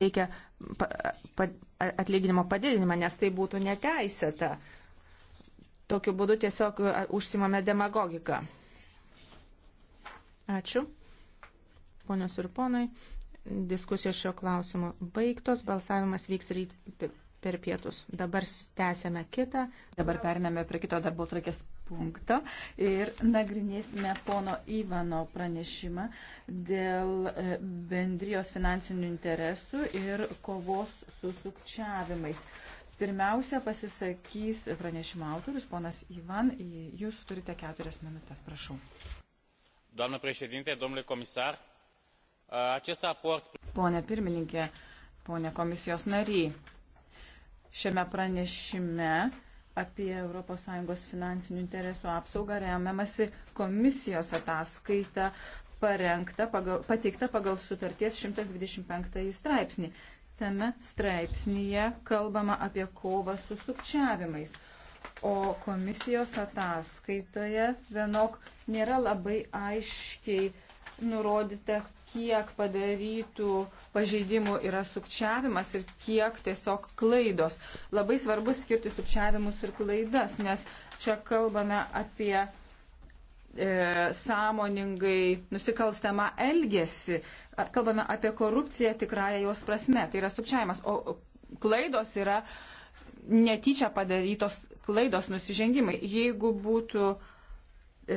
reikia atlyginimo padidinimą, nes tai būtų neteisėta. Tokiu būdu tiesiog užsimame demagogiką. Ačiū. Ponios ir ponai, diskusijos šio klausimu baigtos, balsavimas vyks ryt per pietus. Dabar tęsėme kitą. Dabar periname prie kito darbo trakės punkto ir nagrinėsime pono Ivano pranešimą dėl e, bendrijos finansinių interesų ir kovos su sukčiavimais. Pirmiausia pasisakys pranešimo autorius, ponas Ivan, jūs turite keturias minutės, prašau. Doamnă președinte, domnule comisar, acest raport... Pone pirmininkė, pone komisijos nariai, šiame pranešime apie ES finansinių interesų apsaugą remiamasi komisijos ataskaita parengta, pagal, pateikta pagal sutarties 125 straipsnį. Tame straipsnėje kalbama apie kovą su sukčiavimais. O komisijos ataskaitoje vienok nėra labai aiškiai nurodyta, kiek padarytų pažeidimų yra sukčiavimas ir kiek tiesiog klaidos. Labai svarbu skirti sukčiavimus ir klaidas, nes čia kalbame apie e, sąmoningai nusikalstamą elgesį. Kalbame apie korupciją tikrąją jos prasme, tai yra sukčiavimas, o klaidos yra netyčia padarytos klaidos nusižengimai. Jeigu būtų E,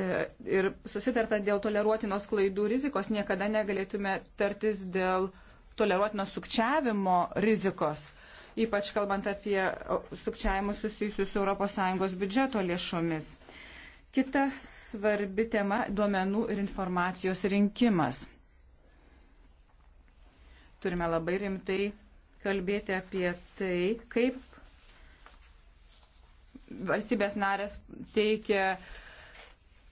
ir susitarta dėl toleruotinos klaidų rizikos, niekada negalėtume tartis dėl toleruotinos sukčiavimo rizikos, ypač kalbant apie sukčiavimus susijusius su ES biudžeto lėšomis. Kita svarbi tema - duomenų ir informacijos rinkimas. Turime labai rimtai kalbėti apie tai, kaip valstybės narės teikia uh,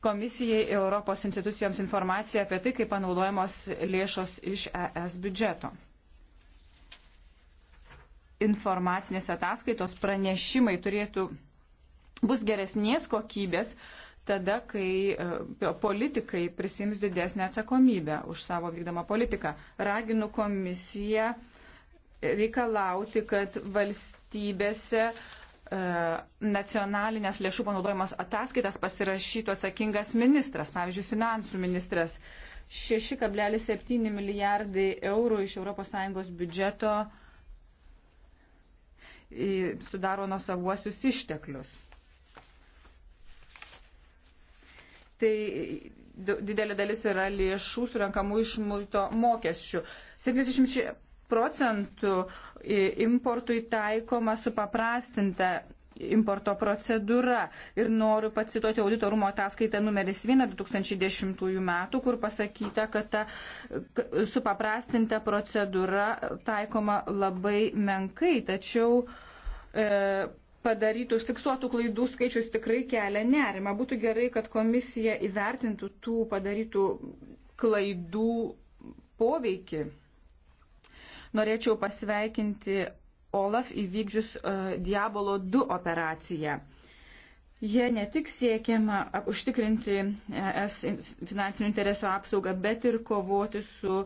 komisijai Europos institucijoms informaciją apie tai, kaip panaudojamos lėšos iš ES biudžeto. Informacinės ataskaitos pranešimai turėtų bus geresnės kokybės tada, kai e, politikai prisims didesnę atsakomybę už savo vykdomą politiką. Raginu komisiją reikalauti, kad valstybėse uh, E, nacionalinės lėšų panaudojimas ataskaitas pasirašytų atsakingas ministras, pavyzdžiui, finansų ministras. 6,7 milijardai eurų iš ES biudžeto sudaro nuo savuosius išteklius. Tai didelė dalis yra lėšų surinkamų iš multo mokesčių. 70 procentų importui taikoma supaprastinta importo procedūra. Ir noriu pacituoti auditorumo ataskaitą numeris 1 2010 metų, kur pasakyta, kad ta supaprastinta procedūra taikoma labai menkai, tačiau e, padarytų fiksuotų klaidų skaičius tikrai kelia nerimą. Būtų gerai, kad komisija įvertintų tų padarytų klaidų poveikį. Norėčiau pasveikinti Olaf įvykdžius uh, Diabolo 2 operaciją. Jie ne tik siekiama užtikrinti e, es finansinių interesų apsaugą, bet ir kovoti su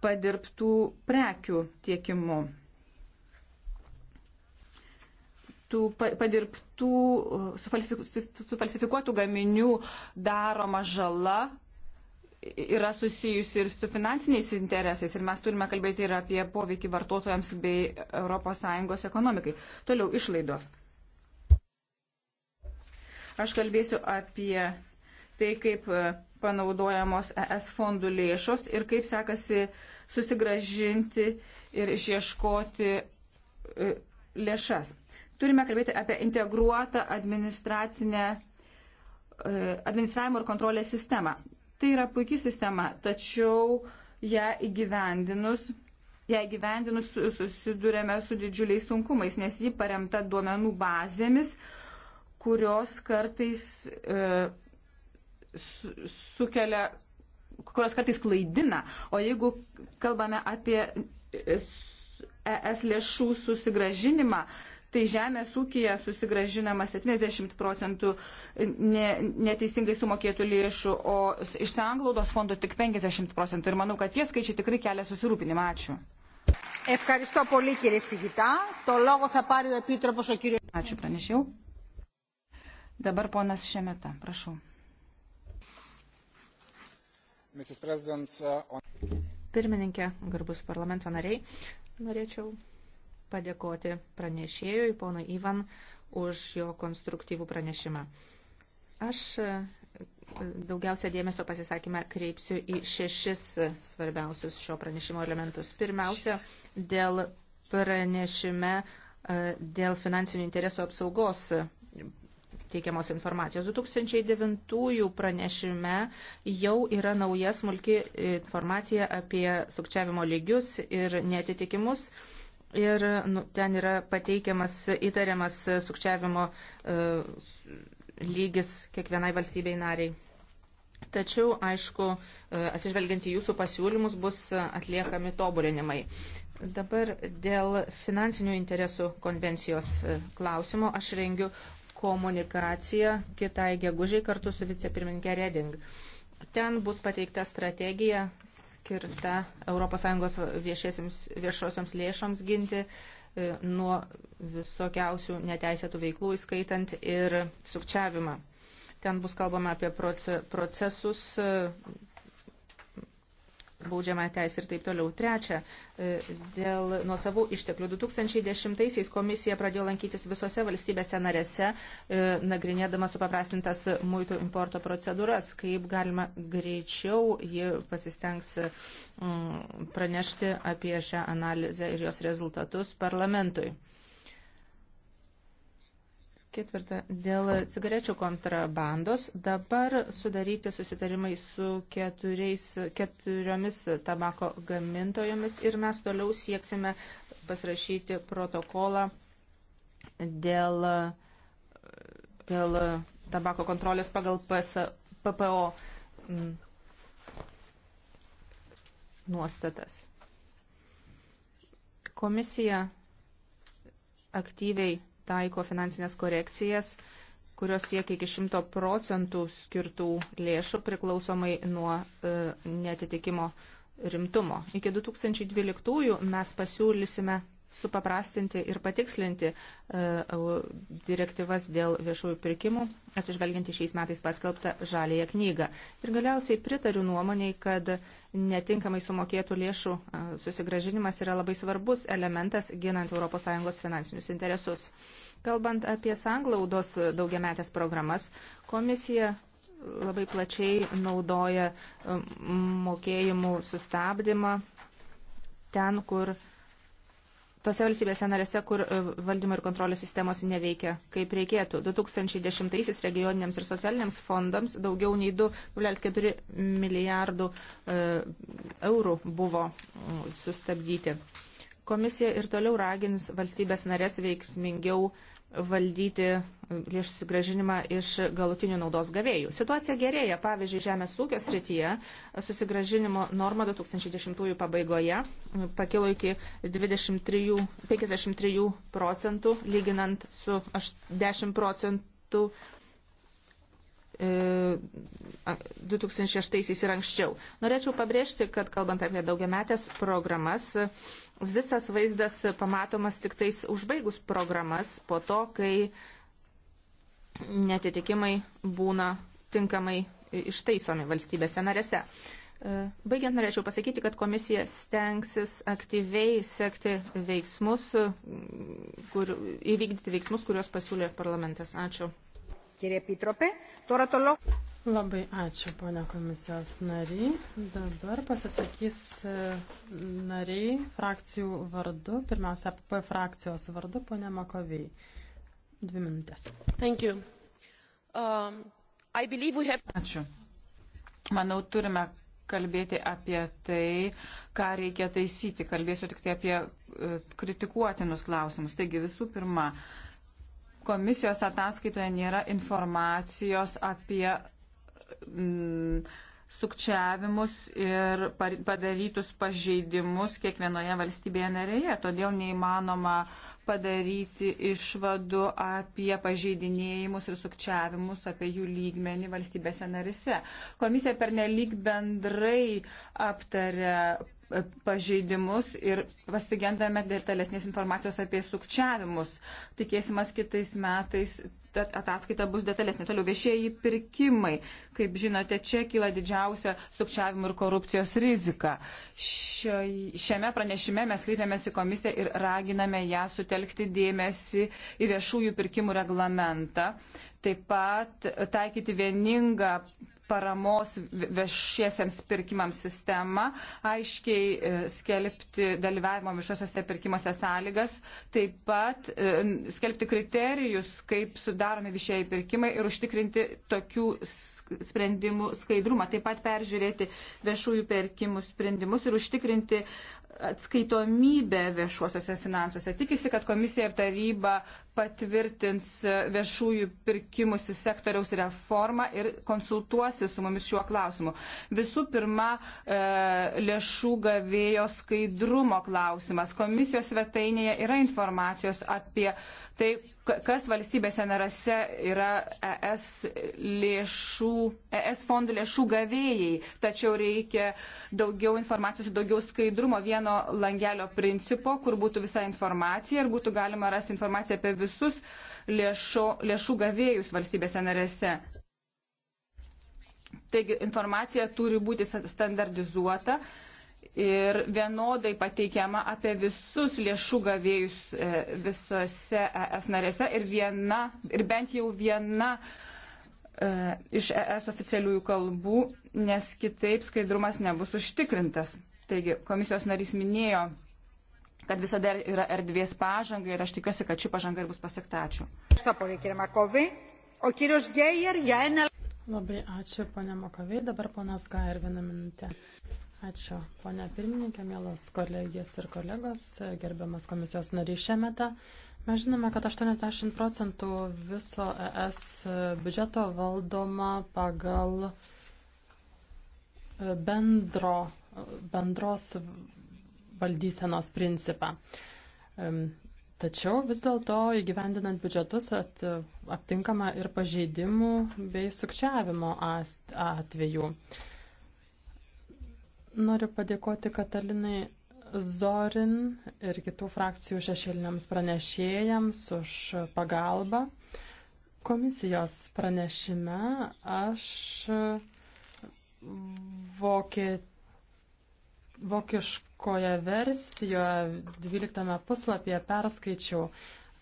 padirbtų prekių tiekimu. Tų padirbtų, sufalsifikuotų gaminių daroma žala yra susijusi ir su finansiniais interesais ir mes turime kalbėti ir apie poveikį vartotojams bei ES ekonomikai. Toliau išlaidos. Aš kalbėsiu apie tai, kaip panaudojamos ES fondų lėšos ir kaip sekasi susigražinti ir išieškoti e, lėšas. Turime kalbėti apie integruotą administracinę e, administravimo ir kontrolės sistemą. Tai yra puikia sistema, tačiau ją įgyvendinus, ją įgyvendinus susidurėme su didžiuliais sunkumais, nes ji paremta duomenų bazėmis, kurios kartais e, sukelia kurios kartais klaidina. O jeigu kalbame apie ES e lėšų susigražinimą, tai žemės ūkija susigražinama 70 procentų neteisingai sumokėtų lėšų, o iš sanglaudos fondo tik 50 procentų. Ir manau, kad tie skaičiai tikrai kelia susirūpinimą. Ačiū. Ευχαριστώ πολύ κύριε Σιγητά. Το λόγο θα πάρει ο Επίτροπος ο κύριος... Ačiū pranešiau. Dabar ponas Šemeta, prašau. Uh, Pirmininkė, garbus parlamento nariai, norėčiau padėkoti pranešėjui, ponui Ivan, už jo konstruktyvų pranešimą. Aš e, daugiausia dėmesio pasisakymą kreipsiu į šešis svarbiausius šio pranešimo elementus. Pirmiausia, dėl pranešime e, dėl finansinių interesų apsaugos teikiamos informacijos. 2009 pranešime jau yra nauja smulki informacija apie sukčiavimo lygius ir netitikimus Ir nu, ten yra pateikiamas įtariamas e, sukčiavimo uh, lygis kiekvienai valstybei nariai. Tačiau, aišku, e, atsižvelgiant į jūsų pasiūlymus, bus atliekami tobulinimai. Dabar dėl finansinių interesų konvencijos klausimo aš rengiu komunikaciją kitai gegužiai kartu su vicepirmininkė Reding. Ten bus pateikta strategija skirta ES viešosioms lėšoms ginti e, nuo visokiausių neteisėtų veiklų, įskaitant ir sukčiavimą. Ten bus kalbama apie procesus, baudžiamą teisę ir taip toliau. Trečia, e, dėl nuosavų išteklių. 2010-aisiais komisija pradėjo lankytis visose valstybėse narėse, e, nagrinėdama supaprastintas muitų importo procedūras, kaip galima greičiau ji pasistengs mm, pranešti apie šią analizę ir jos rezultatus parlamentui. Ketvirta, dėl cigarečių kontrabandos dabar sudaryti susitarimai su keturiais, keturiomis tabako gamintojomis ir mes toliau sieksime pasirašyti protokolą dėl, dėl tabako kontrolės pagal PS, PPO m, mm, nuostatas. Komisija aktyviai taiko finansinės korekcijas, kurios siekia iki 100 procentų skirtų lėšų priklausomai nuo e, netitikimo rimtumo. Iki 2012 mes pasiūlysime supaprastinti ir patikslinti e, direktyvas dėl viešųjų pirkimų, atsižvelgiant į šiais metais paskelbtą žalėją knygą. Ir galiausiai pritariu nuomoniai, kad netinkamai sumokėtų lėšų susigražinimas yra labai svarbus elementas ginant ES finansinius interesus. Kalbant apie sanglaudos daugiametės programas, komisija labai plačiai naudoja mokėjimų sustabdymą ten, kur tose valstybėse narėse, kur e, valdymo ir kontrolės sistemos neveikia kaip reikėtų. 2010-aisiais regioniniams ir socialiniams fondams daugiau nei 2,4 milijardų e, eurų buvo sustabdyti. Komisija ir toliau ragins valstybės narės veiksmingiau uh, valdyti lėšų susigražinimą iš galutinių naudos gavėjų. Situacija gerėja. Pavyzdžiui, žemės ūkio srityje susigražinimo norma 2010 pabaigoje pakilo iki 23, 53 procentų, lyginant su 10 procentų 2006 e, ir anksčiau. Norėčiau pabrėžti, kad kalbant apie daugiametės programas, visas vaizdas pamatomas tik tais užbaigus programas po to, kai netitikimai būna tinkamai ištaisomi valstybėse narėse. E, baigiant norėčiau pasakyti, kad komisija stengsis aktyviai sekti veiksmus, kur, įvykdyti veiksmus, kuriuos pasiūlė parlamentas. Ačiū. Labai ačiū, ponia komisijos nariai. Dabar pasisakys e, nariai frakcijų vardu. Pirmiausia, PP frakcijos vardu, ponia Makoviai. Dvi minutės. Thank you. Um, I believe we have... Ačiū. Manau, turime kalbėti apie tai, ką reikia taisyti. Kalbėsiu tik tai apie e, kritikuotinus klausimus. Taigi visų pirma, komisijos ataskaitoje nėra informacijos apie mm, sukčiavimus ir padarytus pažeidimus kiekvienoje valstybėje narėje. Todėl neįmanoma padaryti išvadų apie pažeidinėjimus ir sukčiavimus, apie jų lygmenį valstybėse narise. Komisija pernelyg bendrai aptarė pažeidimus ir pasigendame detalesnės informacijos apie sukčiavimus. Tikėsimas kitais metais ataskaita bus detalesnė. Toliau viešieji pirkimai. Kaip žinote, čia kyla didžiausia sukčiavimo ir korupcijos rizika. Šio, šiame pranešime mes kreipiamės į komisiją ir raginame ją sutelkti dėmesį į viešųjų pirkimų reglamentą. Taip pat taikyti vieningą paramos viešiesiems pirkimams sistemą, aiškiai e, skelbti dalyvavimo viešosiuose pirkimuose sąlygas, taip pat e, skelbti kriterijus, kaip sudaromi viešieji pirkimai ir užtikrinti tokių sprendimų skaidrumą, taip pat peržiūrėti viešųjų pirkimų sprendimus ir užtikrinti atskaitomybę viešuosiuose finansuose. Tikisi, kad komisija ir taryba patvirtins viešųjų pirkimų sektoriaus reformą ir konsultuosi su mumis šiuo klausimu. Visų pirma, e, lėšų gavėjo skaidrumo klausimas. Komisijos svetainėje yra informacijos apie tai, kas valstybėse narose yra ES, lėšų, ES fondų lėšų gavėjai. Tačiau reikia daugiau informacijos ir daugiau skaidrumo vieno langelio principo, kur būtų visa informacija ir būtų galima rasti informaciją apie visus lėšo, lėšų gavėjus valstybėse narėse. Taigi informacija turi būti standardizuota ir vienodai pateikiama apie visus lėšų gavėjus e, visose ES narėse ir, viena, ir bent jau viena e, iš ES oficialiųjų kalbų, nes kitaip skaidrumas nebus užtikrintas. Taigi komisijos narys minėjo kad visada yra erdvės pažanga ir aš tikiuosi, kad ši pažanga ir bus pasiekta. Ačiū. Labai ačiū, ponė Makovė. Dabar ponas Gair vieną minutę. Ačiū, ponė pirmininkė, mielos kolegės ir kolegos, gerbiamas komisijos narys šiame. Mes žinome, kad 80 procentų viso ES biudžeto valdoma pagal bendro, bendros valdysenos principą. Tačiau vis dėlto įgyvendinant biudžetus at, aptinkama ir pažeidimų bei sukčiavimo atvejų. Noriu padėkoti Katalinai Zorin ir kitų frakcijų šešėliniams pranešėjams už pagalbą. Komisijos pranešime aš Vokiet vokiškoje versijoje 12 puslapyje perskaičiau,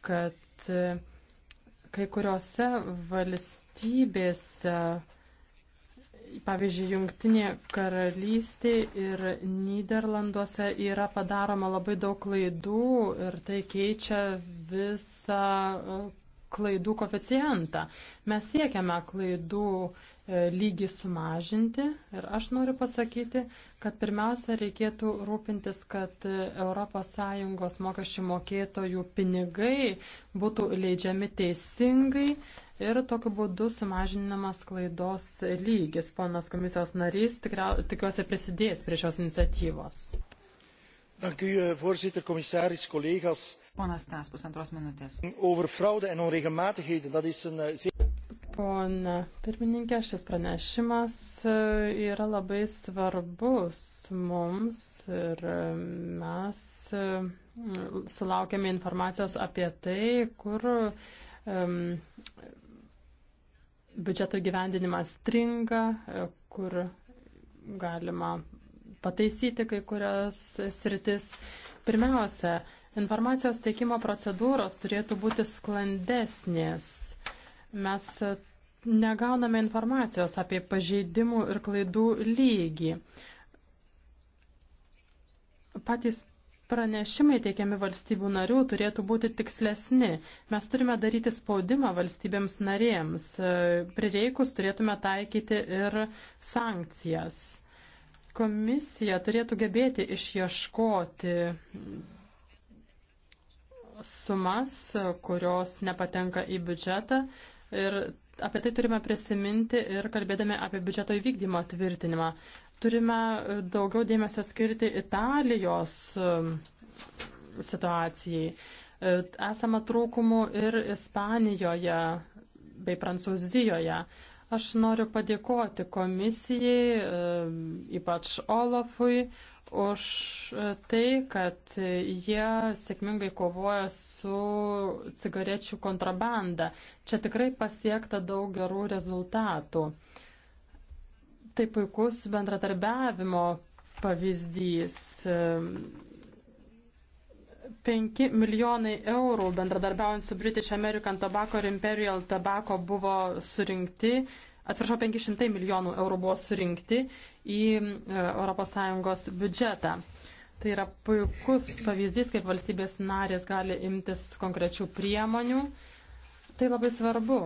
kad e, kai kuriuose valstybėse, pavyzdžiui, Jungtinė karalystė ir Niderlanduose yra padaroma labai daug klaidų ir tai keičia visą e, klaidų koficijantą. Mes siekiame klaidų uh, E, lygį sumažinti. Ir aš noriu pasakyti, kad pirmiausia reikėtų rūpintis, kad ES mokesčių mokėtojų pinigai būtų leidžiami teisingai ir tokiu būdu sumažinamas klaidos lygis. Ponas komisijos narys tikra, tikiuosi prisidės prie šios iniciatyvos. Eh, voorzitter, commissaris, collega's. Ponas Tas, pusantros minutės. Over fraude en onregelmatigheden, dat is een eh, zeer Pone pirmininkė, šis pranešimas e, yra labai svarbus mums ir e, mes e, sulaukėme informacijos apie tai, kur um, biudžeto gyvendinimas stringa, kur galima pataisyti kai kurias sritis. Pirmiausia, informacijos teikimo procedūros turėtų būti sklandesnės mes negauname informacijos apie pažeidimų ir klaidų lygį. Patys pranešimai teikiami valstybių narių turėtų būti tikslesni. Mes turime daryti spaudimą valstybėms narėms. Prireikus turėtume taikyti ir sankcijas. Komisija turėtų gebėti išieškoti sumas, kurios nepatenka į biudžetą ir apie tai turime prisiminti ir kalbėdami apie biudžeto įvykdymo tvirtinimą. Turime e, daugiau dėmesio skirti Italijos e, situacijai. E, esama trūkumų ir Ispanijoje bei Prancūzijoje. Aš noriu padėkoti komisijai, ypač Olafui, už tai, kad jie sėkmingai kovoja su cigarečių kontrabanda. Čia tikrai pasiekta daug gerų rezultatų. Tai puikus bendratarbiavimo pavyzdys. 5 milijonai eurų bendradarbiaujant su British American Tobacco ir Imperial Tobacco buvo surinkti atsiprašau, 500 milijonų eurų buvo surinkti į ES biudžetą. Tai yra puikus pavyzdys, kaip valstybės narės gali imtis konkrečių priemonių. Tai labai svarbu.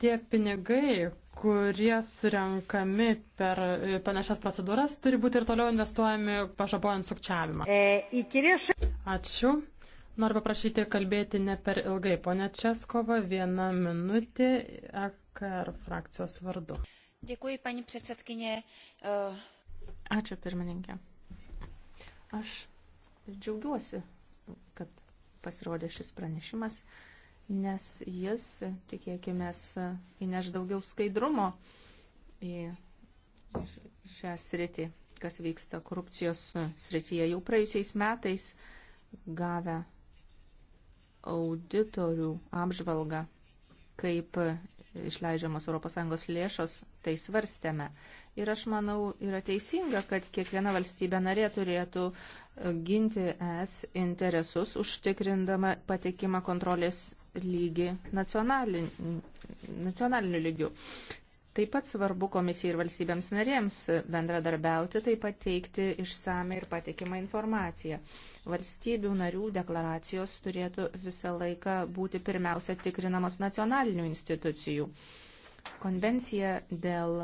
Tie pinigai, kurie surenkami per e, panašias procedūras, turi būti ir toliau investuojami pažabojant sukčiavimą. E, Ačiū. Noriu paprašyti kalbėti ne per ilgai. Pone Českova, viena minutė. E, EKR frakcijos vardu. Dėkui, pani predsedkinė. Uh... Eh, Ačiū, pirmininkė. Aš džiaugiuosi, kad pasirodė šis pranešimas, nes jis, tikėkime, įneš daugiau skaidrumo į šią sritį, kas vyksta korupcijos srityje. Jau praėjusiais metais gavę auditorių apžvalgą, kaip išleidžiamos ES lėšos, tai svarstėme. Ir aš manau, yra teisinga, kad kiekviena valstybė narė turėtų e, ginti es interesus, užtikrindama patikimą kontrolės lygį nacionaliniu lygiu. Taip pat svarbu komisijai ir valstybėms narėms bendradarbiauti, taip pat teikti išsame ir patikimą informaciją. Valstybių narių deklaracijos turėtų visą laiką būti pirmiausia tikrinamos nacionalinių institucijų. Konvencija dėl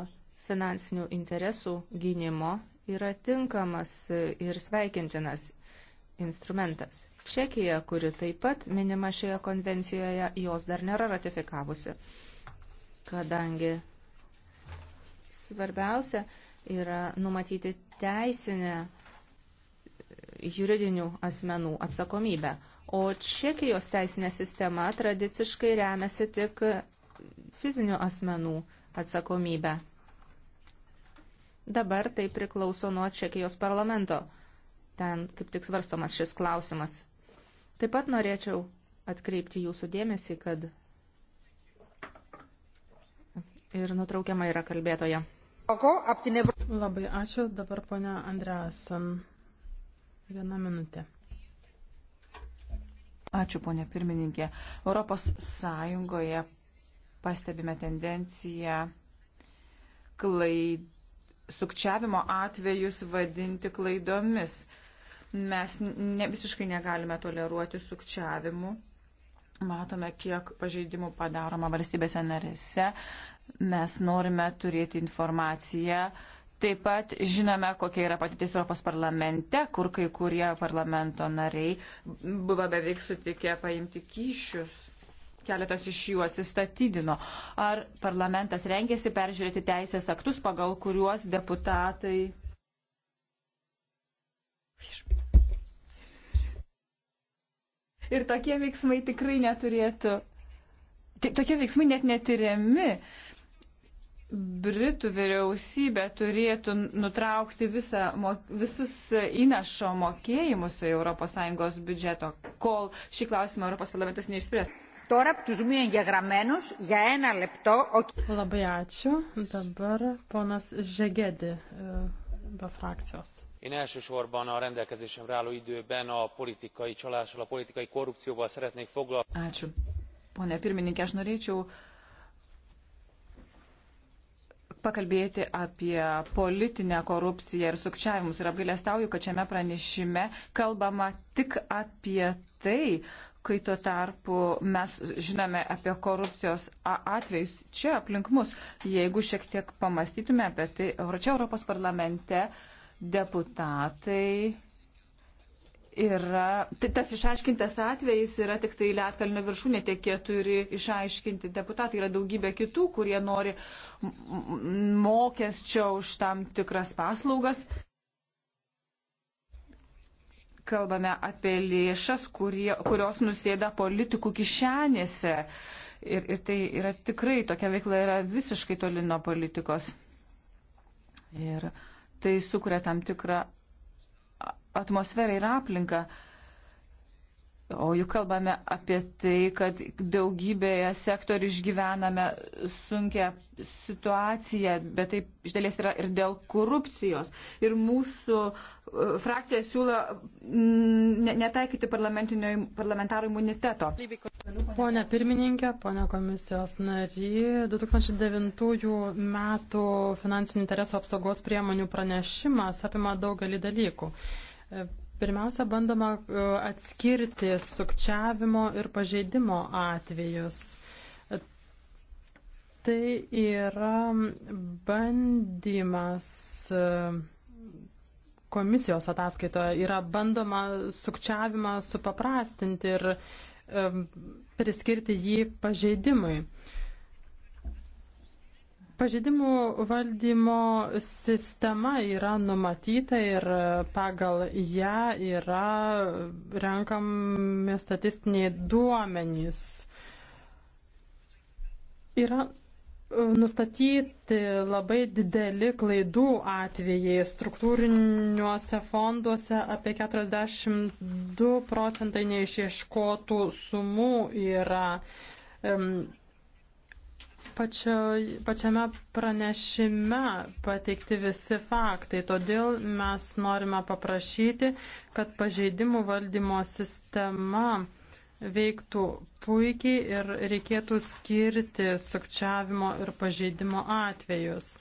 finansinių interesų gynimo yra tinkamas ir sveikintinas instrumentas. Čekija, kuri taip pat minima šioje konvencijoje, jos dar nėra ratifikavusi, kadangi svarbiausia yra numatyti teisinę juridinių asmenų atsakomybę. O Čekijos teisinė sistema tradiciškai remiasi tik fizinių asmenų atsakomybę. Dabar tai priklauso nuo Čekijos parlamento. Ten kaip tik svarstomas šis klausimas. Taip pat norėčiau atkreipti jūsų dėmesį, kad ir nutraukiama yra kalbėtoja. Labai ačiū. Dabar ponia Andreasan. Viena minutė. Ačiū, ponia pirmininkė. Europos Sąjungoje pastebime tendenciją klaid... sukčiavimo atvejus vadinti klaidomis. Mes ne, visiškai negalime toleruoti sukčiavimų. Matome, kiek pažeidimų padaroma valstybėse narėse. Mes norime turėti informaciją. Taip pat žinome, kokia yra patytis Europos parlamente, kur kai kurie parlamento nariai buvo beveik sutikę paimti kyšius. Keletas iš jų atsistatydino. Ar parlamentas rengėsi peržiūrėti teisės aktus, pagal kuriuos deputatai. Ir tokie veiksmai tikrai neturėtų. Tokie veiksmai net netyriami. Uh, Britų vyriausybė turėtų nutraukti visa, mo, visus įnašo mokėjimus į ES biudžeto, kol šį klausimą Europos parlamentas neišspręs. Labai ačiū. Dabar ponas Žegedi e, be frakcijos. Én elsősorban a rendelkezésemre álló időben a politikai csalással, a politikai korrupcióval szeretnék foglalkozni. Ačiū. Pone pirmininkė, aš norėčiau uh, pakalbėti apie politinę korupciją ir sukčiavimus. Ir apgailestauju, kad šiame pranešime kalbama tik apie tai, kai tuo tarpu mes žinome apie korupcijos atvejus čia aplink mus. Jeigu šiek tiek pamastytume apie tai, čia Europos parlamente deputatai yra, tai tas išaiškintas atvejis yra tik tai Lietkalnio viršūnė, tie keturi išaiškinti deputatai, yra daugybė kitų, kurie nori mokesčio už tam tikras paslaugas. Kalbame apie lėšas, kurie, kurios nusėda politikų kišenėse. Ir, ir tai yra tikrai, tokia veikla yra visiškai toli nuo politikos. Ir tai sukuria tam tikrą atmosferą ir aplinką. O juk kalbame apie tai, kad daugybėje sektorių išgyvename sunkę situaciją, bet taip iš dalies yra ir dėl korupcijos. Ir mūsų e, frakcija siūlo mm, netaikyti parlamentarų imuniteto. Pone pirmininkė, pone komisijos nary, 2009 metų finansinių interesų apsaugos priemonių pranešimas apima daugelį dalykų. Pirmiausia, bandoma e, atskirti sukčiavimo ir pažeidimo atvejus. Tai yra bandymas e, komisijos ataskaitoje, yra bandoma sukčiavimą supaprastinti ir e, priskirti jį pažeidimui. Pažeidimų valdymo sistema yra numatyta ir pagal ją yra renkami statistiniai duomenys. Yra e, nustatyti labai dideli klaidų atvejai struktūriniuose fonduose apie 42 procentai neišieškotų sumų yra. Um, Pačio, pačiame pranešime pateikti visi faktai, todėl mes norime paprašyti, kad pažeidimų valdymo sistema veiktų puikiai ir reikėtų skirti sukčiavimo ir pažeidimo atvejus.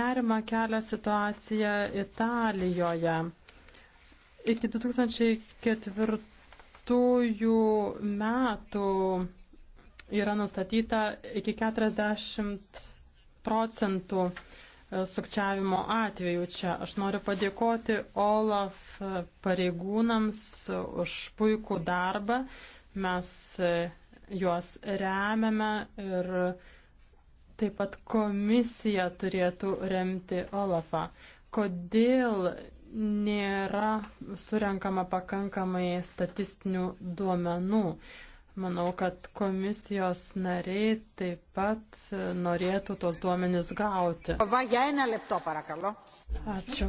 Nerima kelia situacija Italijoje. Iki 2004 metų yra nustatyta iki 40 procentų e, sukčiavimo atvejų čia. Aš noriu padėkoti Olaf pareigūnams už puikų darbą. Mes e, juos remiame ir taip pat komisija turėtų remti Olafą. Kodėl nėra surenkama pakankamai statistinių duomenų? Manau, kad komisijos nariai taip pat norėtų tos duomenys gauti. Ačiū.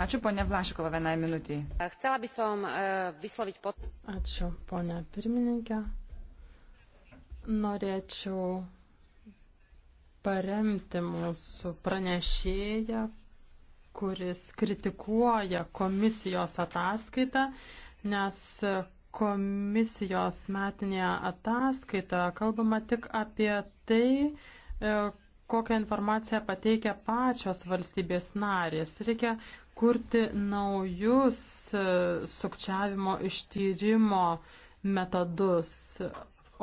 Ačiū, ponė Vlašikova, vienai minutiai. E, Ačiū, ponė pirmininkė. Norėčiau paremti mūsų pranešėją, kuris kritikuoja komisijos ataskaitą, nes komisijos metinėje ataskaitoje kalbama tik apie tai, e, kokią informaciją pateikia pačios valstybės narės. Reikia kurti naujus e, sukčiavimo ištyrimo metodus.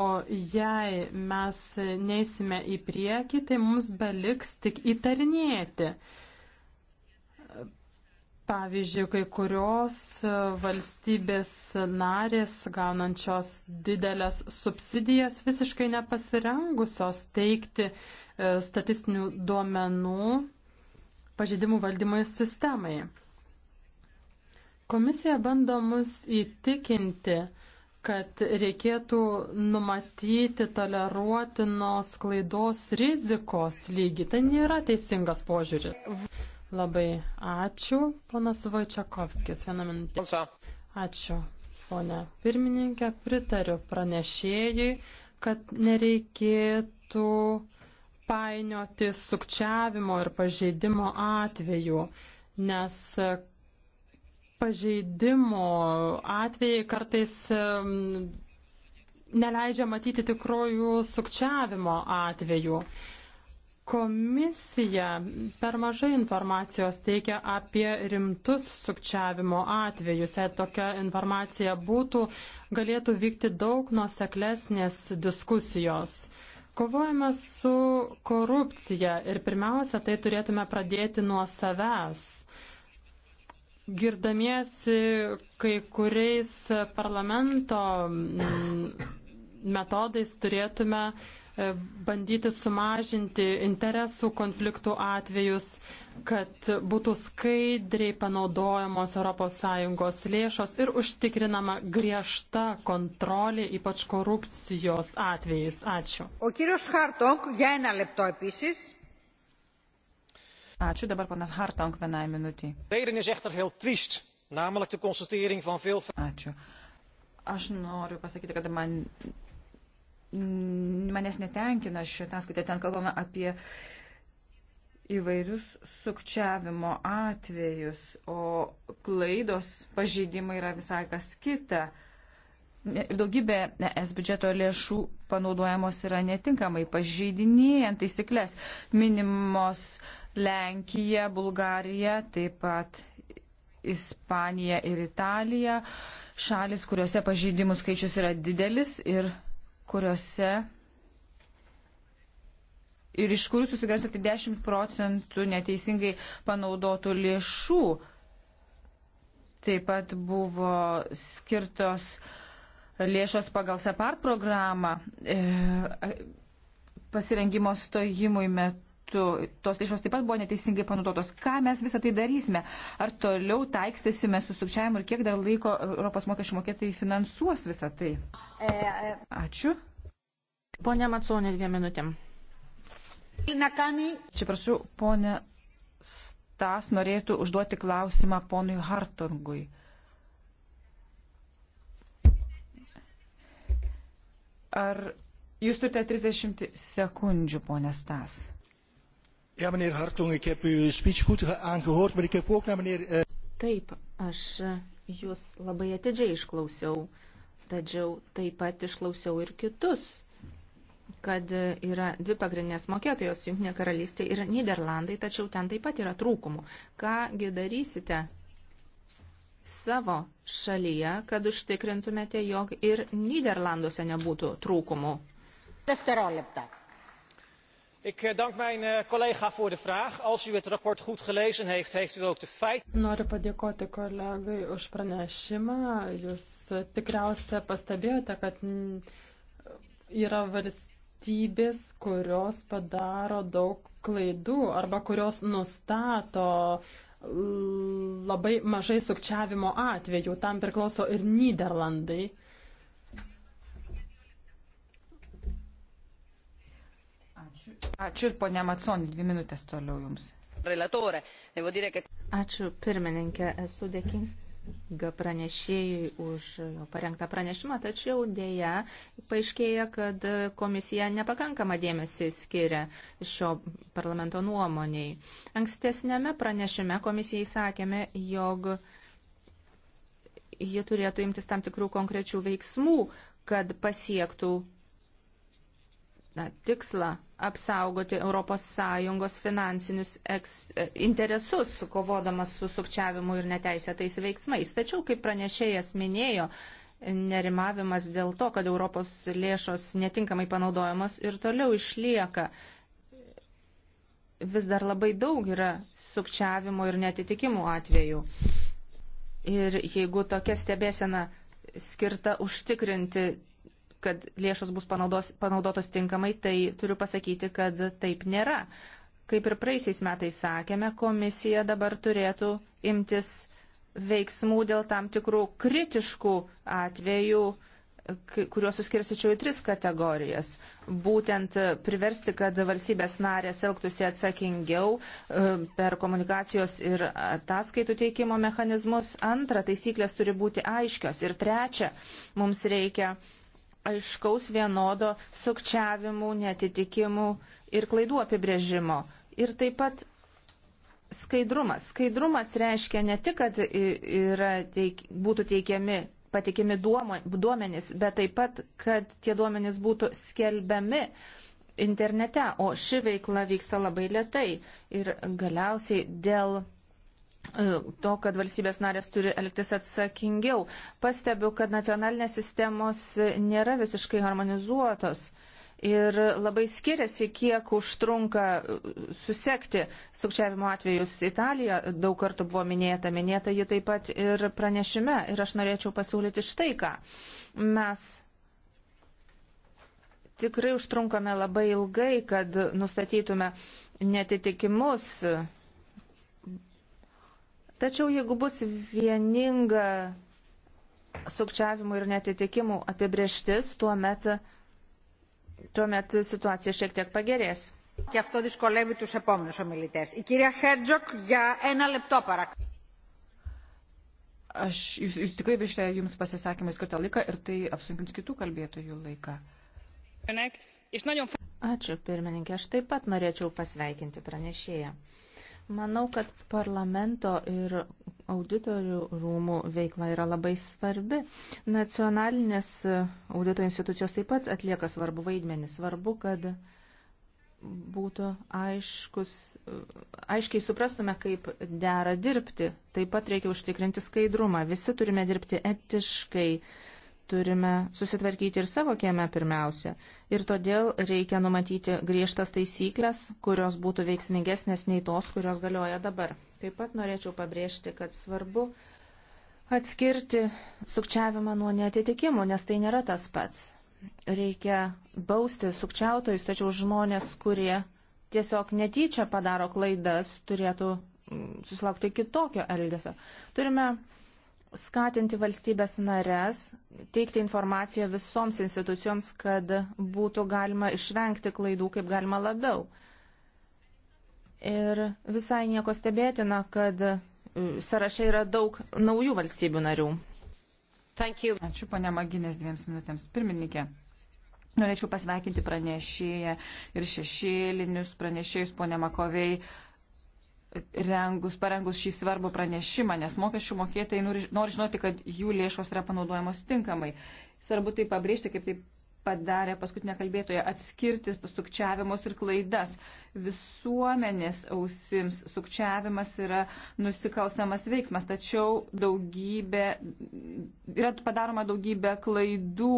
O jei mes neisime į priekį, tai mums beliks tik įtarinėti. Pavyzdžiui, kai kurios valstybės narės gaunančios didelės subsidijas visiškai nepasirengusios teikti e, statistinių duomenų pažeidimų valdymui sistemai. Komisija bando mus įtikinti, kad reikėtų numatyti toleruotinos klaidos rizikos lygį. Tai nėra teisingas požiūris. Labai ačiū, ponas Vojčiakovskis, vieną minutę. Ačiū, ponė pirmininkė, pritariu pranešėjai, kad nereikėtų painioti sukčiavimo ir pažeidimo atveju, nes pažeidimo atvejai kartais neleidžia matyti tikrojų sukčiavimo atvejų. Komisija per mažai informacijos teikia apie rimtus sukčiavimo atvejus. Jei tokia informacija būtų, galėtų vykti daug nuoseklesnės diskusijos. Kovojame su korupcija ir pirmiausia, tai turėtume pradėti nuo savęs. Girdamiesi kai kuriais parlamento mm, metodais turėtume uh, E, bandyti sumažinti interesų konfliktų atvejus, kad būtų skaidriai panaudojamos ES lėšos ir užtikrinama griežta kontrolė, ypač korupcijos atvejais. Ačiū. O kirius Hartong, jei nelepto apysis. Ačiū dabar panas Hartong vienai minutį. Ačiū. Aš noriu pasakyti, kad man manęs netenkina šioje ataskaitoje, ten kalbama apie įvairius sukčiavimo atvejus, o klaidos pažeidimai yra visai kas kita. Ir daugybė es biudžeto lėšų panaudojamos yra netinkamai, pažeidinėjant taisyklės. Minimos Lenkija, Bulgarija, taip pat Ispanija ir Italija, šalis, kuriuose pažeidimų skaičius yra didelis ir kuriuose ir iš kurių susigrąžinta tik 10 procentų neteisingai panaudotų lėšų. Taip pat buvo skirtos lėšos pagal SEPART programą e, pasirengimo stojimui metu metų tos lėšos taip pat buvo neteisingai panaudotos. Ką mes visą tai darysime? Ar toliau taikstysime su sukčiavimu ir kiek dar laiko Europos mokesčių mokėtai finansuos visą tai? E, e. Ačiū. Pone Matsonė, dviem minutėm. Čia prašau, ponė Stas norėtų užduoti klausimą ponui Hartongui. Ar jūs turite 30 sekundžių, ponė Stas? Ja, meneer Hartung, ik heb uw speech goed aangehoord, maar ik heb ook naar meneer... Eh, taip, aš eh, jūs labai atidžiai išklausiau, tačiau taip pat išklausiau ir kitus, kad eh, yra dvi pagrindinės mokėtojos Junktinė karalystė ir Niderlandai, tačiau ten taip pat yra trūkumų. Kągi darysite savo šalyje, kad užtikrintumėte, jog ir Niderlanduose nebūtų trūkumų? Defterolepta ik eh, dank mijn eh, collega voor de vraag. als u het verslag goed gelezen heeft heeft u ook de feiten. noriu padėkoti kolegai už pranešimą. Jūs eh, tikriausia pastebėjote, kad mm, yra valstybės, kurios padaro daug klaidų arba kurios nustato labai mažai sukčiavimo atvejų. Tam priklauso ir Niderlandai. Ačiū. Ačiū, ponė Matsoni, dvi minutės toliau jums. Ačiū, pirmininkė, esu dėkinga pranešėjui už jo parengtą pranešimą, tačiau dėja paaiškėja, kad komisija nepakankamą dėmesį skiria šio parlamento nuomoniai. Ankstesnėme pranešime komisijai sakėme, jog jie turėtų imtis tam tikrų konkrečių veiksmų, kad pasiektų na, tikslą apsaugoti ES finansinius eks, e, interesus, kovodamas su sukčiavimu ir neteisėtais veiksmais. Tačiau, kaip pranešėjas minėjo, nerimavimas dėl to, kad Europos lėšos netinkamai panaudojamos ir toliau išlieka. Vis dar labai daug yra sukčiavimo ir netitikimų atvejų. Ir jeigu tokia stebėsena skirta užtikrinti kad lėšos bus panaudos, panaudotos tinkamai, tai turiu pasakyti, kad taip nėra. Kaip ir praeisiais metais sakėme, komisija dabar turėtų imtis veiksmų dėl tam tikrų kritiškų atvejų, kuriuos suskirsičiau į tris kategorijas. Būtent priversti, kad valstybės narės elgtųsi atsakingiau e, per komunikacijos ir ataskaitų teikimo mechanizmus. Antra, taisyklės turi būti aiškios. Ir trečia, mums reikia aiškaus vienodo sukčiavimų, netitikimų ir klaidų apibrėžimo. Ir taip pat skaidrumas. Skaidrumas reiškia ne tik, kad teik, būtų teikiami patikimi duomenys, bet taip pat, kad tie duomenys būtų skelbiami internete, o ši veikla vyksta labai lietai. Ir galiausiai dėl E, to, kad valstybės narės turi elgtis atsakingiau. Pastebiu, kad nacionalinės sistemos nėra visiškai harmonizuotos. Ir labai skiriasi, kiek užtrunka susekti sukčiavimo atvejus. Italija daug kartų buvo minėta, minėta ji taip pat ir pranešime. Ir aš norėčiau pasiūlyti štai ką. Mes tikrai užtrunkame labai ilgai, kad nustatytume netitikimus Tačiau jeigu bus vieninga sukčiavimų ir netitikimų apibrieštis, tuomet, tuomet situacija šiek tiek pagerės. Και αυτό δυσκολεύει τους επόμενους ομιλητές. Η κυρία Χέρτζοκ για ένα λεπτό παρακαλώ. Aš, jūs, jūs tikrai viršėte jums pasisakymai skirtą laiką ir tai apsunkins kitų kalbėtojų laiką. Ačiū, pirmininkė. Aš taip pat norėčiau pasveikinti pranešėją. Manau, kad parlamento ir auditorių rūmų veikla yra labai svarbi. Nacionalinės audito institucijos taip pat atlieka svarbu vaidmenį. Svarbu, kad būtų aiškus, aiškiai suprastume, kaip dera dirbti. Taip pat reikia užtikrinti skaidrumą. Visi turime dirbti etiškai turime susitvarkyti ir savo kieme pirmiausia. Ir todėl reikia numatyti griežtas taisyklės, kurios būtų veiksmingesnės nei tos, kurios galioja dabar. Taip pat norėčiau pabrėžti, kad svarbu atskirti sukčiavimą nuo netitikimų, nes tai nėra tas pats. Reikia bausti sukčiautojus, tačiau žmonės, kurie tiesiog netyčia padaro klaidas, turėtų mm, susilaukti kitokio elgesio. Turime skatinti valstybės narės, teikti informaciją visoms institucijoms, kad būtų galima išvengti klaidų kaip galima labiau. Ir visai nieko stebėtina, kad e, sąrašai yra daug naujų valstybių narių. Ačiū, ponia Maginės, dviems minutėms. Pirmininkė, norėčiau pasveikinti pranešėją ir šešėlinius pranešėjus, ponia Makovei rengus, parengus šį svarbų pranešimą, nes mokesčių mokėtojai nori, nori žinoti, kad jų lėšos yra panaudojamos tinkamai. Svarbu tai pabrėžti, kaip tai padarė paskutinė kalbėtoja, atskirti sukčiavimus ir klaidas. Visuomenės ausims sukčiavimas yra nusikalstamas veiksmas, tačiau daugybė, yra padaroma daugybė klaidų,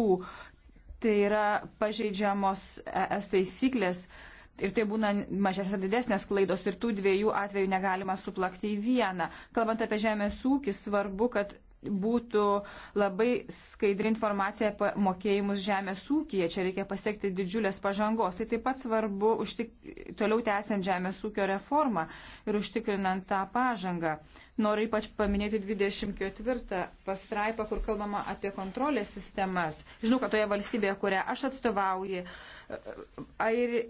tai yra pažeidžiamos es taisyklės, uh, ir tai būna mažesnės ar didesnės klaidos ir tų dviejų atvejų negalima suplakti į vieną. Kalbant apie žemės ūkį, svarbu, kad būtų labai skaidri informacija apie mokėjimus žemės ūkyje. Čia reikia pasiekti didžiulės pažangos. Tai taip pat svarbu užtik... toliau tęsiant žemės ūkio reformą ir užtikrinant tą pažangą. Noriu ypač paminėti 24 pastraipą, kur kalbama apie kontrolės sistemas. Žinau, kad toje valstybėje, kurią aš atstovauju, airi,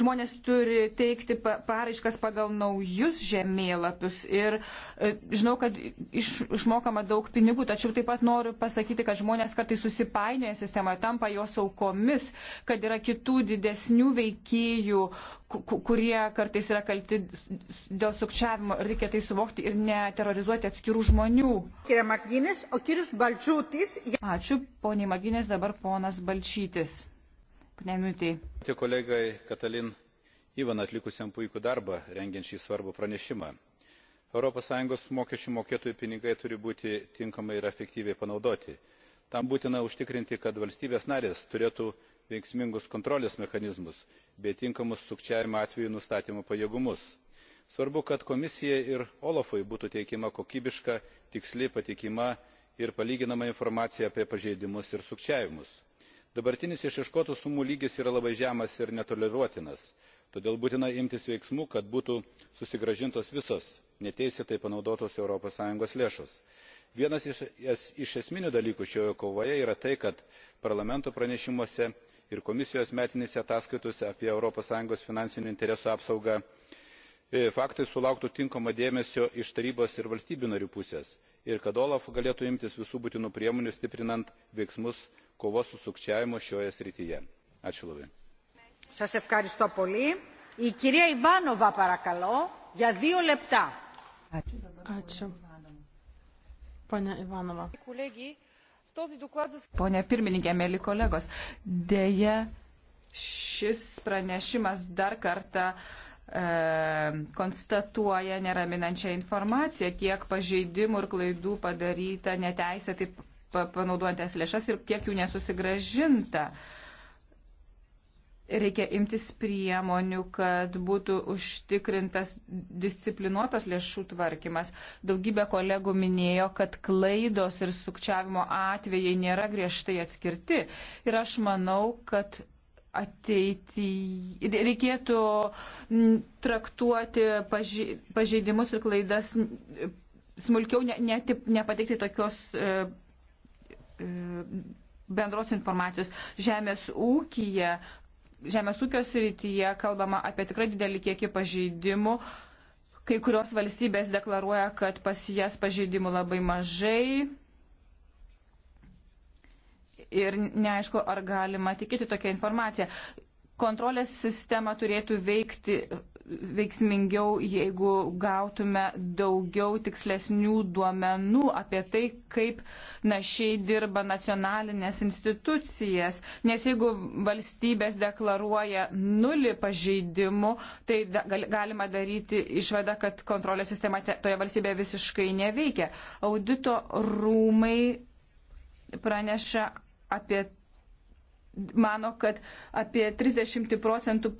žmonės turi teikti paraiškas pagal naujus žemėlapius ir e, žinau, kad iš, išmokama daug pinigų, tačiau taip pat noriu pasakyti, kad žmonės kartai susipainioja sistemoje, tampa jos aukomis, kad yra kitų didesnių veikėjų, kurie kartais yra kalti dėl sukčiavimo ir reikia tai suvokti ir neterrorizuoti atskirų žmonių. Ačiū, poniai Maginės, dabar ponas Balčytis. Pnemiutį. Tie kolegai Katalin Ivan atlikusiam puikų darbą rengiant šį svarbų pranešimą. ES mokesčių mokėtojų pinigai turi būti tinkamai ir efektyviai panaudoti. Tam būtina užtikrinti, kad valstybės narės turėtų veiksmingus kontrolės mechanizmus bei tinkamus sukčiavimo atvejų nustatymo pajėgumus. Svarbu, kad komisijai ir Olafui būtų teikiama kokybiška, tiksli, patikima ir palyginama informacija apie pažeidimus ir sukčiavimus dabartinis išieškotų sumų lygis yra labai žemas ir netoleruotinas todėl būtina imtis veiksmų kad būtų susigrąžintos visos neteisėtai panaudotos europos sąjungos lėšos. vienas iš esminių dalykų šioje kovoje yra tai kad parlamento pranešimuose ir komisijos metinėse ataskaitose apie europos sąjungos finansinių interesų apsaugą e, faktai sulauktų tinkamo dėmesio iš tarybos ir valstybių narių pusės ir kad olaf galėtų imtis visų būtinų priemonių stiprinant veiksmus kovos su sukčiavimu šioje srityje. Ačiū labai. Σας ευχαριστώ πολύ. Η κυρία Ιβάνοβα παρακαλώ για δύο λεπτά. Ačiū. Pane Ivanova. Pone pirmininkė, mėly kolegos, dėja šis pranešimas dar kartą e, konstatuoja neraminančią informaciją, kiek pažeidimų ir klaidų padaryta neteisėtai panaudojant es lėšas ir kiek jų nesusigražinta. Reikia imtis priemonių, kad būtų užtikrintas disciplinuotas lėšų tvarkymas. Daugybė kolegų minėjo, kad klaidos ir sukčiavimo atvejai nėra griežtai atskirti. Ir aš manau, kad ateityje reikėtų traktuoti pažeidimus ir klaidas smulkiau, ne, ne, nepateikti tokios e, E, bendros informacijos žemės ūkyje, žemės ūkio srityje kalbama apie tikrai didelį kiekį pažeidimų. Kai kurios valstybės deklaruoja, kad pas jas pažeidimų labai mažai. Ir neaišku, ar galima tikėti tokią informaciją kontrolės sistema turėtų veikti veiksmingiau, jeigu gautume daugiau tikslesnių duomenų apie tai, kaip našiai dirba nacionalinės institucijas. Nes jeigu valstybės deklaruoja nulį pažeidimų, tai da, galima daryti išvadą, kad kontrolės sistema toje valstybėje visiškai neveikia. Audito rūmai praneša apie mano, kad apie 30 procentų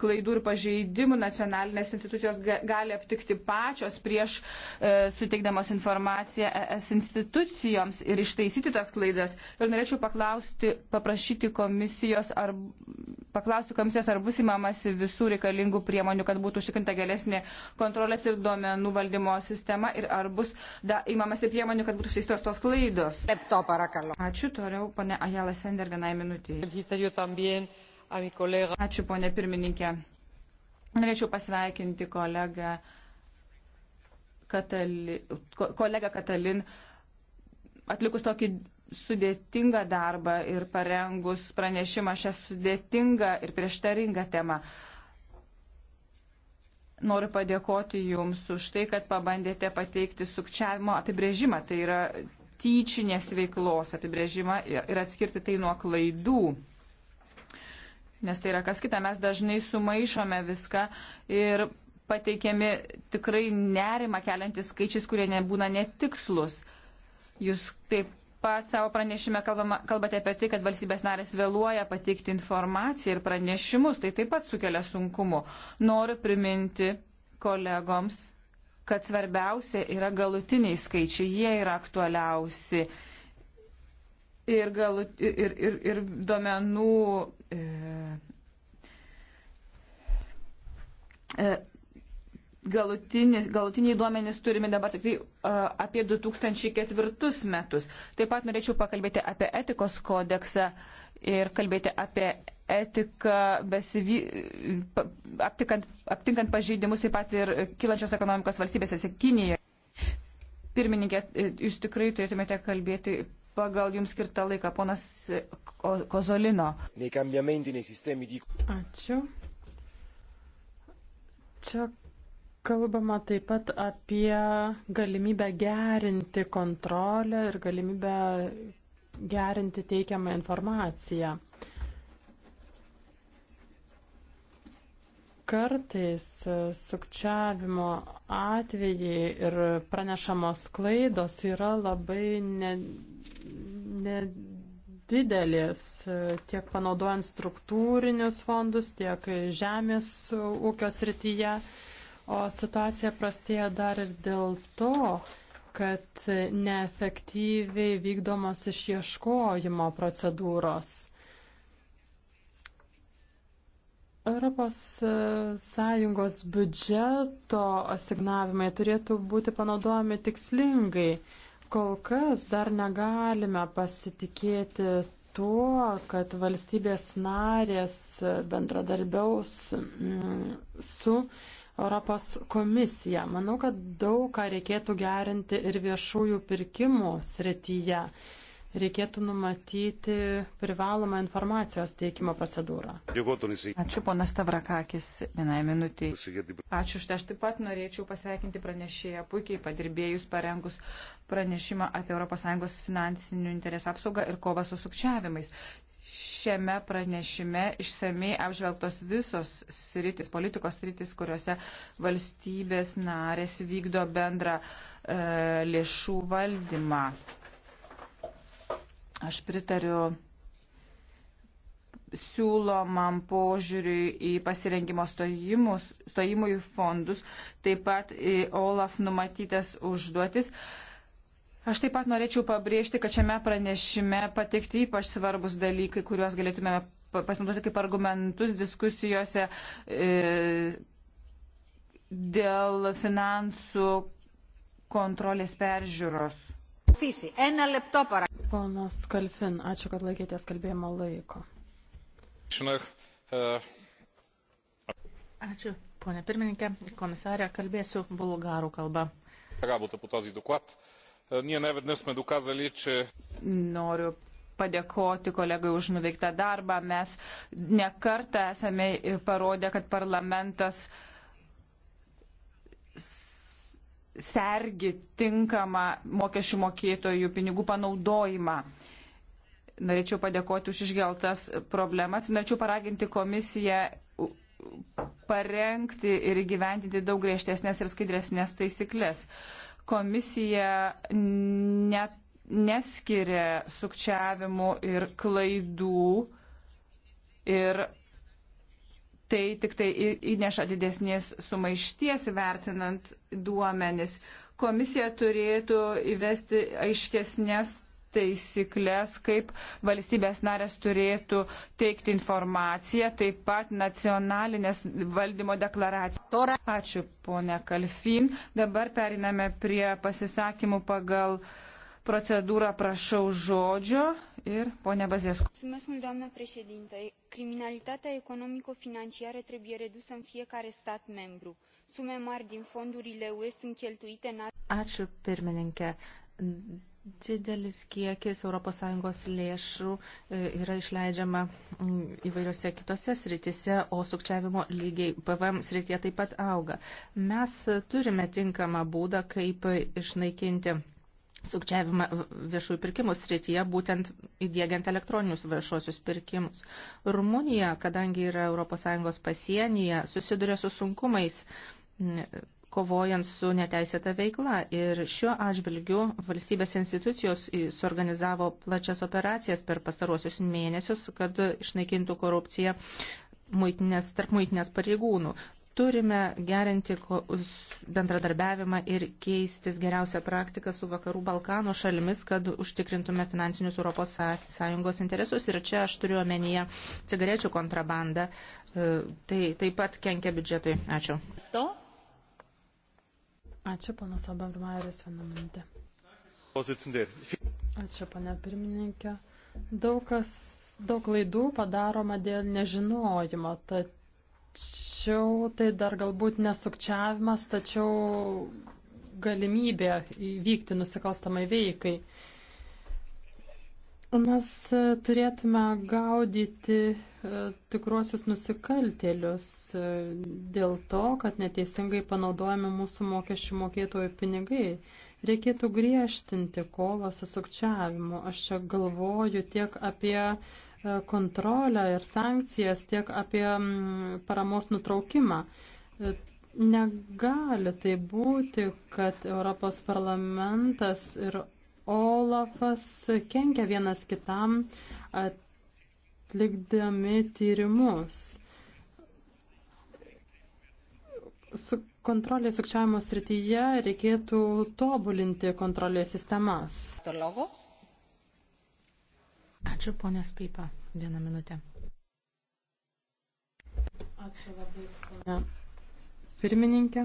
klaidų ir pažeidimų nacionalinės institucijos gali aptikti pačios prieš e, suteikdamos informaciją ES institucijoms ir ištaisyti tas klaidas. Ir norėčiau paklausti, paprašyti komisijos, ar, paklausti komisijos, ar bus įmamasi visų reikalingų priemonių, kad būtų užtikrinta geresnė kontrolės ir duomenų valdymo sistema ir ar bus da, įmamasi priemonių, kad būtų ištaistos tos klaidos. Ačiū, toliau, pane Ajala Sender, vienai minutė minutį. Ačiū, ponė pirmininkė. Norėčiau pasveikinti kolegą, Katali, kolegą Katalin atlikus tokį sudėtingą darbą ir parengus pranešimą šią sudėtingą ir prieštaringą temą. Noriu padėkoti Jums už tai, kad pabandėte pateikti sukčiavimo apibrėžimą. Tai yra tyčinės veiklos apibrėžimą ir atskirti tai nuo klaidų. Nes tai yra kas kita, mes dažnai sumaišome viską ir pateikiami tikrai nerima keliantis skaičiais, kurie nebūna netikslus. Jūs taip pat savo pranešime kalbama, kalbate apie tai, kad valstybės narės vėluoja pateikti informaciją ir pranešimus, tai taip pat sukelia sunkumu. Noriu priminti kolegoms kad svarbiausia yra galutiniai skaičiai, jie yra aktualiausi. Ir, galu, ir, ir, ir duomenų e, e, galutinis, galutiniai duomenys turime dabar tik tai uh, apie 2004 metus. Taip pat norėčiau pakalbėti apie etikos kodeksą ir kalbėti apie etiką, besivy... aptikant, aptinkant pažeidimus taip pat ir kilančios ekonomikos valstybėse, Kinijoje. Pirmininkė, e, jūs tikrai turėtumėte kalbėti pagal jums skirtą laiką, ponas Ko Kozolino. Ačiū. Čia kalbama taip pat apie galimybę gerinti kontrolę ir galimybę gerinti teikiamą informaciją. Kartais e, sukčiavimo atvejai ir pranešamos klaidos yra labai nedidelės, ne tiek panaudojant struktūrinius fondus, tiek žemės ūkio srityje. O situacija prastėja dar ir dėl to, kad neefektyviai vykdomos išieškojimo procedūros. Europos e, Sąjungos biudžeto asignavimai turėtų būti panaudojami tikslingai. Kol kas dar negalime pasitikėti tuo, kad valstybės narės bendradarbiaus mm, su Europos komisija. Manau, kad daug ką reikėtų gerinti ir viešųjų pirkimų srityje reikėtų numatyti privalomą informacijos teikimo procedūrą. Ačiū, ponas Tavrakakis, vienai minutį. Ačiū, štai aš taip pat norėčiau pasveikinti pranešėją puikiai padirbėjus parengus pranešimą apie ES finansinių interesų apsaugą ir kovą su sukčiavimais. Šiame pranešime išsamei apžvelgtos visos sritis, politikos sritis, kuriuose valstybės narės vykdo bendrą e, lėšų valdymą Aš pritariu siūlomam požiūriui į pasirengimo stojimus, stojimui fondus, taip pat į OLAF numatytas užduotis. Aš taip pat norėčiau pabrėžti, kad šiame pranešime patikti ypač svarbus dalykai, kuriuos galėtume pasinaudoti kaip argumentus diskusijose e, dėl finansų kontrolės peržiūros. Φύση. Ένα λεπτό παρακαλώ. Ponas Kalfin, ačiū, kad laikėtės kalbėjimo laiko. E, ačiū, ponė pirmininkė, komisarė, kalbėsiu bulgarų kalba. Noriu padėkoti kolegai už nuveiktą darbą. Mes nekartą esame parodę, kad parlamentas sergi tinkamą mokesčių mokėtojų pinigų panaudojimą. Norėčiau padėkoti už išgeltas problemas. Norėčiau paraginti komisiją parengti ir įgyvendinti daug griežtesnės ir skaidresnės taisyklės. Komisija net neskiria sukčiavimų ir klaidų ir tai tik tai įneša didesnės sumaišties vertinant duomenis. Komisija turėtų įvesti aiškesnės taisyklės, kaip valstybės narės turėtų teikti informaciją, taip pat nacionalinės valdymo deklaraciją. Ačiū, ponia Kalfin. Dabar periname prie pasisakymų pagal procedūrą prašau žodžio ir ponia Bazėsku. Criminalitatea economico-financiară trebuie redusă în fiecare stat membru. Sume mari din fondurile UE sunt cheltuite în... Ačiū, pirmininkė. Didelis kiekis ES lėšų e, yra išleidžiama įvairiose kitose sritise, o sukčiavimo lygiai PVM srityje taip pat auga. Mes turime tinkamą būdą, kaip išnaikinti sukčiavimą viešųjų pirkimų srityje, būtent įdėgiant elektroninius viešuosius pirkimus. Rumunija, kadangi yra ES pasienyje, susiduria su sunkumais kovojant su neteisėta veikla. Ir šiuo atžvilgiu valstybės institucijos suorganizavo plačias operacijas per pastaruosius mėnesius, kad išnaikintų korupciją muitinės, tarp muitinės pareigūnų. Turime gerinti bendradarbiavimą ir keistis geriausią praktiką su Vakarų Balkanų šalimis, kad užtikrintume finansinius ES interesus. Ir čia aš turiu omenyje cigarečių kontrabandą. E, tai taip pat kenkia biudžetui. Ačiū. To? Ačiū, panas Abavrmairis, vieną minutę. Ačiū, pane pirmininkė. Daug, kas, daug klaidų padaroma dėl nežinojimo, tad tačiau tai dar galbūt nesukčiavimas, tačiau galimybė įvykti nusikalstamai veikai. Mes turėtume gaudyti e, tikruosius nusikaltėlius e, dėl to, kad neteisingai panaudojami mūsų mokesčių mokėtojų pinigai. Reikėtų griežtinti kovą su sukčiavimu. Aš čia galvoju tiek apie uh, E, kontrolę ir sankcijas, tiek apie paramos nutraukimą. E, negali tai būti, kad Europos parlamentas ir Olafas kenkia vienas kitam atlikdami tyrimus. Su kontrolės sukčiavimo srityje reikėtų tobulinti kontrolės sistemas. Toliau. Ačiū, ponės Peipa. Vieną minutę. Ačiū labai, ponė. Pirmininkė,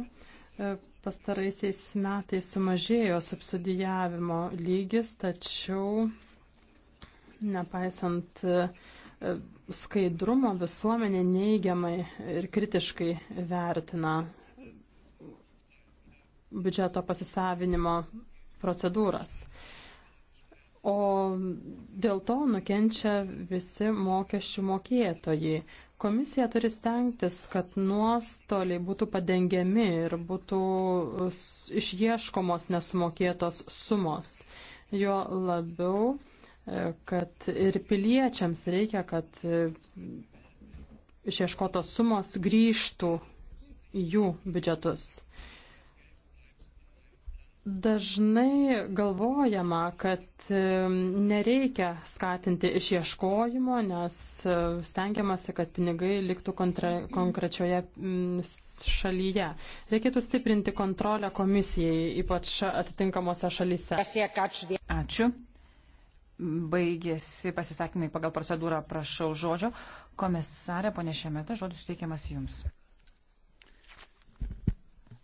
pastaraisiais metais sumažėjo subsidijavimo lygis, tačiau nepaisant e, skaidrumo visuomenė neigiamai ir kritiškai vertina biudžeto pasisavinimo procedūras o dėl to nukenčia visi mokesčių mokėtojai. Komisija turi stengtis, kad nuostoliai būtų padengiami ir būtų išieškomos nesumokėtos sumos. Jo labiau, e, kad ir piliečiams reikia, kad e, išieškotos sumos grįžtų į jų biudžetus. Dažnai galvojama, kad nereikia skatinti išieškojimo, nes stengiamasi, kad pinigai liktų kontra, konkrečioje šalyje. Reikėtų stiprinti kontrolę komisijai, ypač atitinkamose šalyse. Ačiū. Baigėsi pasisakymai pagal procedūrą, prašau žodžio. Komisarė, ponė Šemeta, žodis suteikiamas Jums.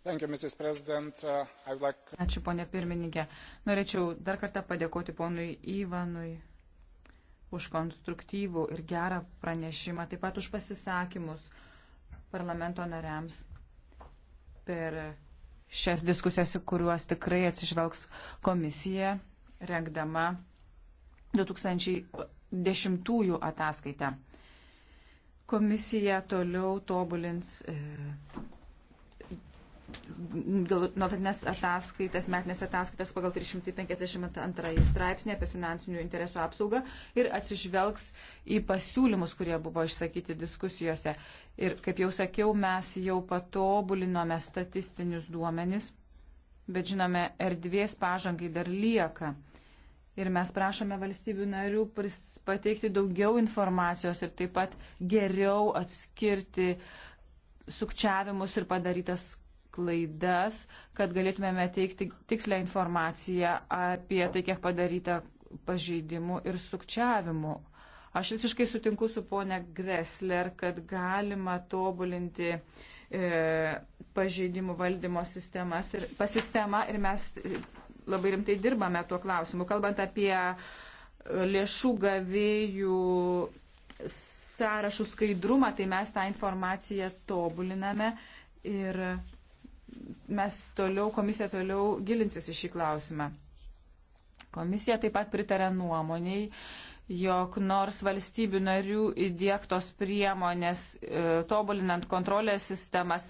You, uh, like... Ačiū, ponė pirmininkė. Norėčiau dar kartą padėkoti ponui Ivanui už konstruktyvų ir gerą pranešimą, taip pat už pasisakymus parlamento nariams per šias diskusijas, kuriuos tikrai atsižvelgs komisija, rengdama 2010 ataskaitą. Komisija toliau tobulins e, nuolatinės ataskaitas, metinės ataskaitas pagal 352 straipsnį apie finansinių interesų apsaugą ir atsižvelgs į pasiūlymus, kurie buvo išsakyti diskusijose. Ir kaip jau sakiau, mes jau patobulinome statistinius duomenis, bet žinome, erdvės pažangai dar lieka. Ir mes prašome valstybių narių pateikti daugiau informacijos ir taip pat geriau atskirti sukčiavimus ir padarytas klaidas, kad galėtumėme teikti tikslę informaciją apie tai, kiek padaryta pažeidimų ir sukčiavimų. Aš visiškai sutinku su ponia Gressler, kad galima tobulinti e, pažeidimų valdymo sistemas ir pasistemą ir mes e, labai rimtai dirbame tuo klausimu. Kalbant apie e, lėšų gavėjų sąrašų skaidrumą, tai mes tą informaciją tobuliname ir mes toliau, komisija toliau gilinsis į šį klausimą. Komisija taip pat pritarė nuomoniai, jog nors valstybių narių įdėktos priemonės, e, tobulinant kontrolės sistemas,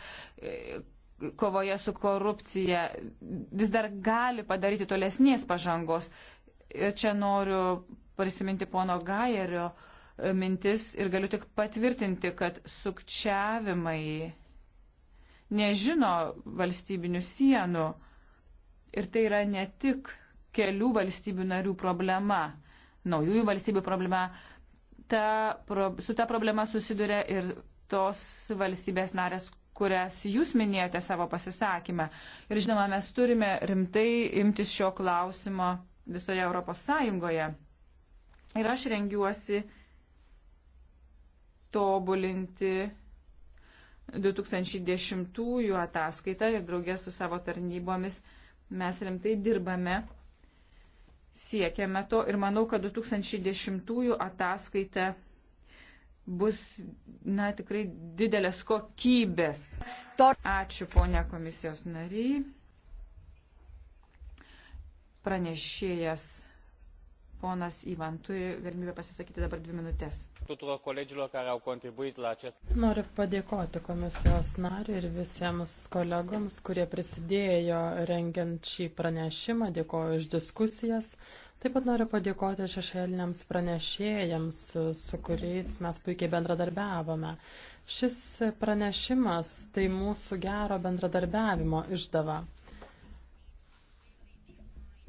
e, kovoje su korupcija, vis dar gali padaryti tolesnės pažangos. Ir čia noriu prisiminti pono Gajerio e, mintis ir galiu tik patvirtinti, kad sukčiavimai nežino valstybinių sienų. Ir tai yra ne tik kelių valstybių narių problema, naujųjų valstybių problema. Ta, pro, su ta problema susiduria ir tos valstybės narės, kurias jūs minėjote savo pasisakymę. Ir žinoma, mes turime rimtai imtis šio klausimo visoje Europos Sąjungoje. Ir aš rengiuosi tobulinti 2010 ataskaitą ir draugės su savo tarnybomis mes rimtai dirbame, siekiame to ir manau, kad 2010 ataskaita bus, na, tikrai didelės kokybės. Ačiū, ponia komisijos nariai. Pranešėjas. Ponas Ivan turi galimybę pasisakyti dabar dvi minutės. Noriu padėkoti komisijos nariui ir visiems kolegoms, kurie prisidėjo rengiant šį pranešimą. Dėkoju už diskusijas. Taip pat noriu padėkoti šešėliniams pranešėjams, su kuriais mes puikiai bendradarbiavome. Šis pranešimas tai mūsų gero bendradarbiavimo išdava.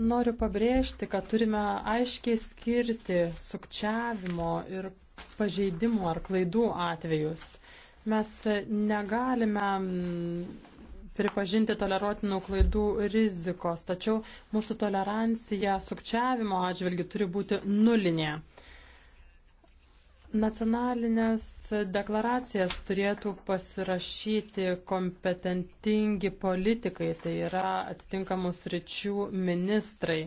Noriu pabrėžti, kad turime aiškiai skirti sukčiavimo ir pažeidimų ar klaidų atvejus. Mes negalime mm, pripažinti toleruotinų klaidų rizikos, tačiau mūsų tolerancija sukčiavimo atžvilgių turi būti nulinė. Nacionalinės deklaracijas turėtų pasirašyti kompetentingi politikai, tai yra atitinkamus ryčių ministrai.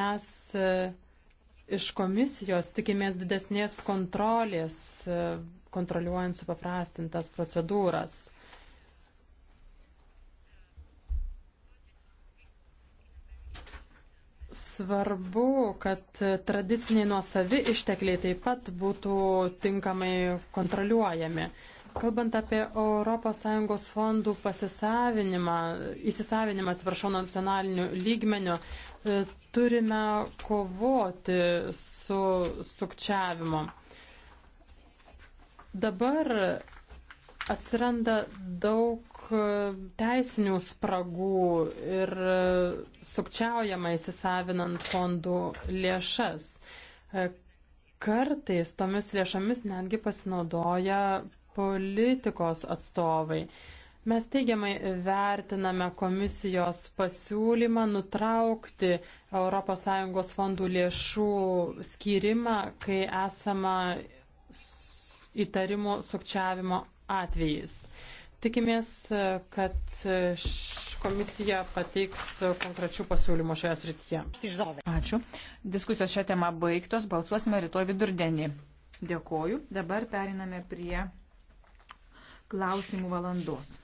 Mes e, iš komisijos tikimės didesnės kontrolės, e, kontroliuojant supaprastintas procedūras. Svarbu, kad tradiciniai nuosavi ištekliai taip pat būtų tinkamai kontroliuojami. Kalbant apie ES fondų pasisavinimą, įsisavinimą, atsiprašau, nacionaliniu lygmeniu, e, turime kovoti su sukčiavimu. Dabar atsiranda daug daug teisinių spragų ir sukčiaujama įsisavinant fondų lėšas. Kartais tomis lėšomis netgi pasinaudoja politikos atstovai. Mes teigiamai vertiname komisijos pasiūlymą nutraukti ES fondų lėšų skirimą, kai esama įtarimo sukčiavimo atvejais. Tikimės, kad komisija pateiks konkrečių pasiūlymų šioje srityje. Ačiū. Diskusijos šią temą baigtos. Balsuosime rytoj vidurdienį. Dėkoju. Dabar periname prie klausimų valandos.